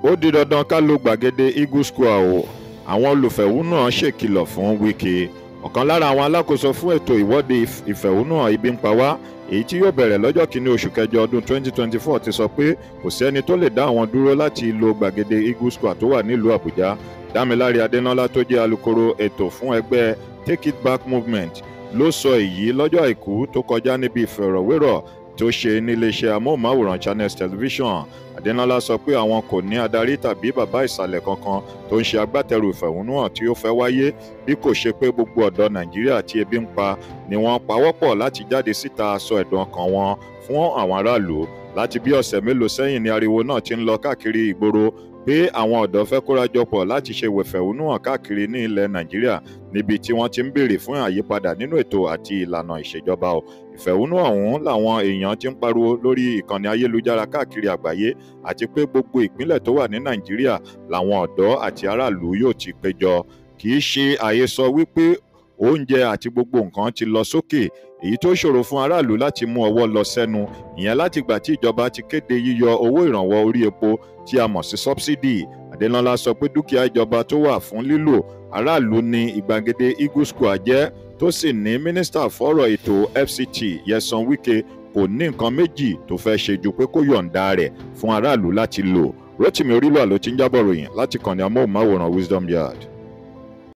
ó di dandan ká lo gbàgede eagle square o àwọn olùfẹ̀hónúhàn ṣèkìlọ̀ fún Wike ọ̀kan lára àwọn alákòóso fún ètò ìwọ́de ìfẹ̀hónúhàn ibi ń pa wá èyí tí yóò bẹ̀rẹ̀ lọ́jọ́ kìíní oṣù kẹjọ ọdún 2024 ti sọ pé kò sẹ́ni tó lè dá àwọn dúró láti lo gbàgede eagle square tó wà nílùú àbújá dámiláre adénọ́lá tó jẹ́ alukoro ètò fún ẹgbẹ́ take it back movement ló sọ èyí lọ́jọ́ àìkú tó kọjá níbi ìfọ̀rọ̀wérọ̀ tó ṣe níléeṣẹ́ amóhùnmáwòrán Channels Television Adéńlọ́lá sọ pé àwọn kò ní adarí tàbí bàbá ìsàlẹ̀ kankan tó ń ṣe agbátẹrù ìfẹ̀hónúhàn tí ó fẹ́ wáyé bí kò ṣe pé gbogbo ọ̀dọ́ Nàìjíríà tí ebi ń pa ni wọ́n pawọ́pọ̀ láti jáde síta sọ ẹ̀dùn ọkàn wọn fún àwọn aráàlú láti bí ọ̀sẹ̀ mélòó sẹ́yìn ni ariwo náà ti ń lọ káàkiri ìgboro pé àwọn ọ̀dọ́ fẹ́ kórajọpọ̀ láti ṣe wẹ̀fẹ̀hónú hàn káàkiri ní ilẹ̀ nàìjíríà níbi tí wọ́n ti ń béèrè fún àyípadà nínú ètò àti ìlànà ìṣèjọba o ìfẹ̀hónú ọ̀hún làwọn èèyàn ti ń pariwo lórí ìkànnì ayélujára káàkiri àgbáyé àti pé gbogbo ìpínlẹ̀ tó wà ní nàìjíríà làwọn ọ̀dọ́ àti aráàlú yóò ti péjọ kì í ṣe àhesọ wípé oúnjẹ àti gbogbo nǹkan ti lọ sókè èyí tó ṣòro fún aráàlú láti mú ọwọ́ lọ sẹ́nu ìyẹn láti gbà tí ìjọba ti kéde yíyọ owó ìrànwọ́ orí epo tí a mọ̀ sí sọ́bsidì Adélọ́lá sọ pé dúkìá ìjọba tó wà fún lílò aráàlú ní ìgbàgede Eagle Square jẹ́ tó sì ní mínísítà fọ́rọ̀ ètò FCT Yẹsan Wike kò ní nǹkan méjì tó fẹ́ ṣe ju pé kó yọ̀ǹda rẹ̀ fún aráàlú láti lò Rotimi Orílọ̀ ló ti ń jábọ̀ ròyìn láti kàn ní amóhùnmáwòrán Wisdom Yard.